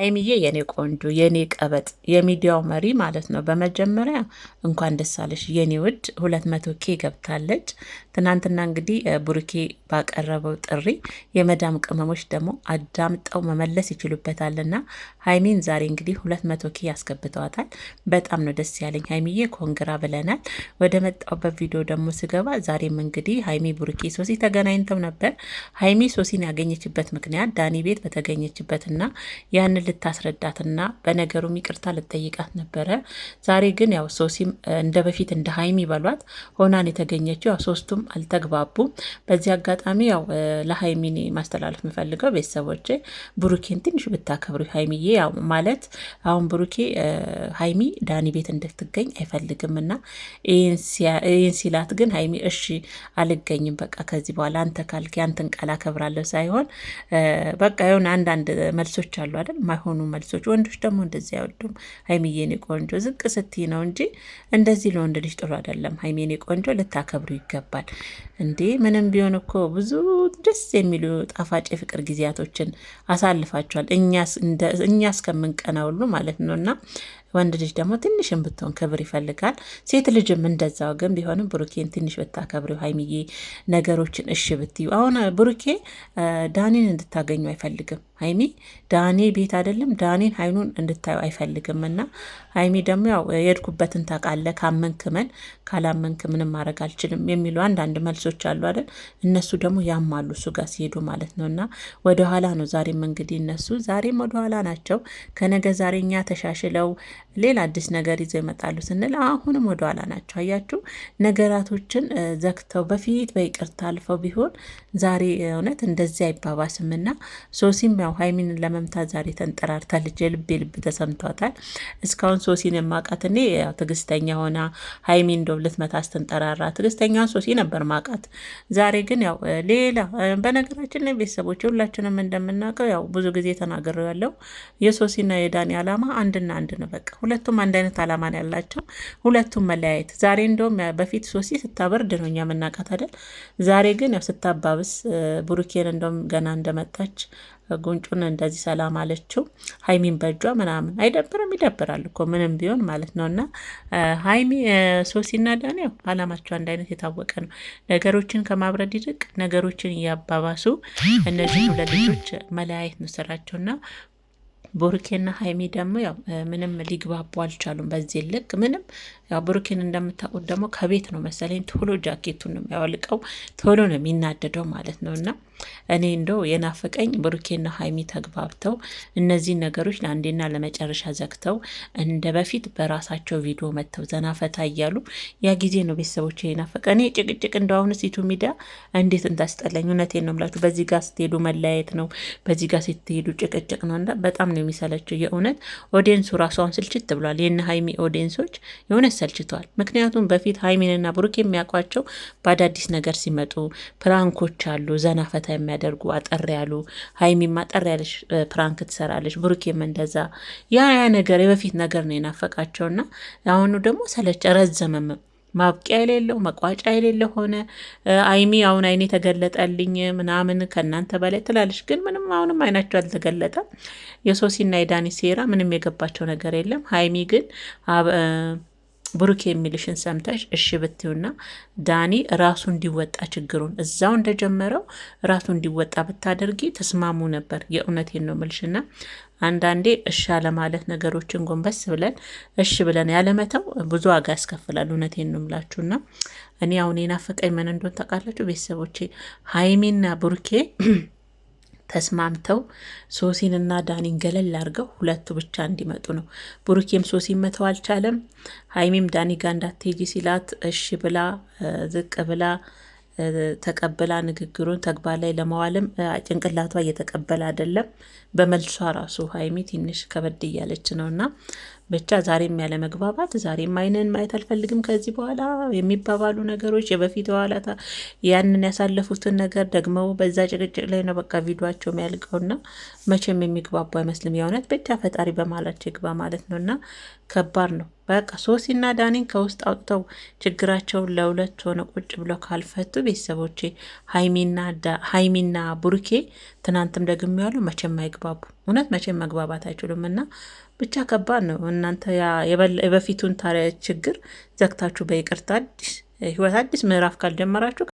ሀይሚዬ የኔ ቆንጆ የኔ ቀበጥ የሚዲያው መሪ ማለት ነው። በመጀመሪያ እንኳን ደስ አለሽ የኔ ውድ፣ ሁለት መቶ ኬ ገብታለች። ትናንትና እንግዲህ ቡሩኬ ባቀረበው ጥሪ የመዳም ቅመሞች ደግሞ አዳምጠው መመለስ ይችሉበታልና ሀይሚን ዛሬ እንግዲህ ሁለት መቶ ኬ ያስገብተዋታል። በጣም ነው ደስ ያለኝ ሀይሚዬ፣ ኮንግራ ብለናል። ወደ መጣውበት ቪዲዮ ደግሞ ስገባ ዛሬም እንግዲህ ሀይሚ፣ ቡርኬ፣ ሶሲ ተገናኝተው ነበር። ሀይሚ ሶሲን ያገኘችበት ምክንያት ዳኒ ቤት በተገኘችበትና ያንን ልታስረዳትና በነገሩም ይቅርታ ልጠይቃት ነበረ። ዛሬ ግን ያው ሶሲም እንደ በፊት እንደ ሀይሚ ይበሏት ሆናን የተገኘችው ያው ሶስቱም አልተግባቡም። በዚህ አጋጣሚ ያው ለሀይሚን ማስተላለፍ የምፈልገው ቤተሰቦች ብሩኬን ትንሽ ብታከብሩ ሀይሚዬ፣ ያው ማለት አሁን ብሩኬ ሀይሚ ዳኒ ቤት እንድትገኝ አይፈልግም እና ይህን ሲላት ግን ሀይሚ እሺ አልገኝም በቃ ከዚህ በኋላ አንተ ካልክ ያንተን ቃል አከብራለሁ ሳይሆን በቃ የሆነ አንዳንድ መልሶች አሉ አይደል ያልሆኑ መልሶች። ወንዶች ደግሞ እንደዚህ አይወዱም። ሀይሚዬኔ ቆንጆ ዝቅ ስትይ ነው እንጂ እንደዚህ ለወንድ ልጅ ጥሩ አይደለም። ሀይሚዬኔ ቆንጆ ልታከብሩ ይገባል እንዴ! ምንም ቢሆን እኮ ብዙ ደስ የሚሉ ጣፋጭ የፍቅር ጊዜያቶችን አሳልፋቸዋል እኛ እስከምንቀና ሁሉ ማለት ነው እና ወንድ ልጅ ደግሞ ትንሽም ብትሆን ክብር ይፈልጋል። ሴት ልጅም እንደዛው። ግን ቢሆንም ብሩኬን ትንሽ ብታከብሪው ሀይሚዬ፣ ነገሮችን እሺ ብትዩ። አሁን ብሩኬ ዳኒን እንድታገኙ አይፈልግም። ሀይሚ ዳኒ ቤት አይደለም ዳኒን ሀይኑን እንድታዩ አይፈልግም። እና ሀይሚ ደግሞ ያው የሄድኩበትን ታውቃለህ፣ ካመንክ መን ካላመንክ ምንም ማድረግ አልችልም የሚሉ አንዳንድ መልሶች አሉ አይደል? እነሱ ደግሞ ያማሉ እሱ ጋር ሲሄዱ ማለት ነው። እና ወደኋላ ነው ዛሬም እንግዲህ እነሱ ዛሬም ወደኋላ ናቸው። ከነገ ዛሬኛ ተሻሽለው ሌላ አዲስ ነገር ይዘው ይመጣሉ ስንል አሁንም ወደኋላ ናቸው። አያችሁ ነገራቶችን ዘግተው በፊት በይቅርታ አልፈው ቢሆን ዛሬ እውነት እንደዚህ አይባባስም ና ሶሲም ያው ሀይሚንን ለመምታት ዛሬ ተንጠራርታ ልጅ የልብ ልብ ተሰምቷታል። እስካሁን ሶሲን የማውቃት እኔ ትግስተኛ ሆና ሀይሚን እንደው ልትመታ ስትንጠራራ ትግስተኛውን ሶሲ ነበር ማውቃት። ዛሬ ግን ያው ሌላ በነገራችን ላይ ቤተሰቦች ሁላችንም እንደምናውቀው ያው ብዙ ጊዜ ተናግሬያለሁ። የሶሲና የዳኒ አላማ አንድና አንድ ነው በቃ በቃ ሁለቱም አንድ አይነት አላማ ነው ያላቸው። ሁለቱም መለያየት ዛሬ እንደውም በፊት ሶሲ ስታበርድ ነው እኛ የምናውቃት አይደል? ዛሬ ግን ያው ስታባብስ ብሩኬን እንደውም ገና እንደመጣች ጉንጩን እንደዚህ ሰላም አለችው ሀይሚን በእጇ ምናምን አይደብርም? ይደብራል እኮ ምንም ቢሆን ማለት ነው። እና ሀይሚ ሶሲና ዳኒ ያው አላማቸው አንድ አይነት የታወቀ ነው። ነገሮችን ከማብረድ ይልቅ ነገሮችን እያባባሱ እነዚህ ሁለት ልጆች መለያየት ነው ስራቸውና ብሩኬና ሀይሚ ደግሞ ያው ምንም ሊግባቡ አልቻሉም። በዚህ ልክ ምንም ያው ብሩኬን እንደምታውቁት ደግሞ ከቤት ነው መሰለኝ ቶሎ ጃኬቱን ነው የሚያወልቀው ቶሎ ነው የሚናደደው ማለት ነው እና እኔ እንደው የናፈቀኝ ብሩኬና ሀይሚ ተግባብተው እነዚህ ነገሮች ለአንዴና ለመጨረሻ ዘግተው እንደ በፊት በራሳቸው ቪዲዮ መጥተው ዘናፈታ እያሉ ያ ጊዜ ነው ቤተሰቦች የናፈቀ። እኔ ጭቅጭቅ እንደ አሁን ሲቱ ሚዲያ እንዴት እንዳስጠላኝ እውነቴን ነው የምላችሁ። በዚህ ጋር ስትሄዱ መለያየት ነው፣ በዚህ ጋር ስትሄዱ ጭቅጭቅ ነው። እና በጣም ነው የሚሰለችው የእውነት ኦዲየንሱ ራሷን ስልችት ብሏል። የእነ ሀይሚ ኦዲየንሶች የእውነት ሰልችተዋል። ምክንያቱም በፊት ሀይሚንና ብሩክ የሚያውቋቸው በአዳዲስ ነገር ሲመጡ ፕራንኮች አሉ ዘና የሚያደርጉ አጠር ያሉ ሀይሚም አጠር ያለች ፕራንክ ትሰራለች፣ ብሩኬም እንደዛ ያ ያ ነገር የበፊት ነገር ነው የናፈቃቸው የናፈቃቸውና አሁኑ ደግሞ ሰለች ረዘመም ማብቂያ የሌለው መቋጫ የሌለ ሆነ። አይሚ አሁን አይኔ ተገለጠልኝ ምናምን ከእናንተ በላይ ትላለች፣ ግን ምንም አሁንም አይናቸው አልተገለጠም። የሶሲና የዳኒ ሴራ ምንም የገባቸው ነገር የለም። ሀይሚ ግን ብሩክ የሚልሽን ሰምተሽ እሺ ብትዩና ዳኒ ራሱ እንዲወጣ ችግሩን እዛው እንደጀመረው ራሱ እንዲወጣ ብታደርጊ ተስማሙ ነበር። የእውነቴን ነው ምልሽና አንዳንዴ እሺ አለማለት ነገሮችን ጎንበስ ብለን እሺ ብለን ያለመተው ብዙ ዋጋ ያስከፍላል። እውነቴን ነው ምላችሁና እኔ አሁን የናፈቀኝ ምን እንደሆን ታውቃላችሁ ቤተሰቦቼ ሀይሚና ብሩኬ ተስማምተው ሶሲንና ዳኒን ገለል አድርገው ሁለቱ ብቻ እንዲመጡ ነው። ብሩኬም ሶሲን መተው አልቻለም። ሀይሚም ዳኒ ጋ እንዳትሄጂ ሲላት እሺ ብላ ዝቅ ብላ ተቀብላ ንግግሩን ተግባር ላይ ለማዋልም ጭንቅላቷ እየተቀበለ አይደለም። በመልሷ ራሱ ሀይሚ ትንሽ ከበድ እያለች ነው እና ብቻ ዛሬም ያለ መግባባት፣ ዛሬም አይንን ማየት አልፈልግም ከዚህ በኋላ የሚባባሉ ነገሮች የበፊት በኋላ ያንን ያሳለፉትን ነገር ደግመው በዛ ጭቅጭቅ ላይ ነው በቃ ቪዲዮቸው የሚያልቀውና መቼም የሚግባቡ አይመስልም። የእውነት ብቻ ፈጣሪ በማላቸው ይግባ ማለት ነው እና ከባድ ነው። በቃ ሶሲና ዳኒን ከውስጥ አውጥተው ችግራቸውን ለሁለት ሆነ ቁጭ ብለው ካልፈቱ ቤተሰቦቼ ሀይሚና ቡርኬ ትናንትም ደግሞ ያሉ መቼም አይግባቡ። እውነት መቼም መግባባት አይችሉም እና ብቻ ከባድ ነው። እናንተ የበፊቱን ታሪያ ችግር ዘግታችሁ በይቅርታ አዲስ ህይወት አዲስ ምዕራፍ ካልጀመራችሁ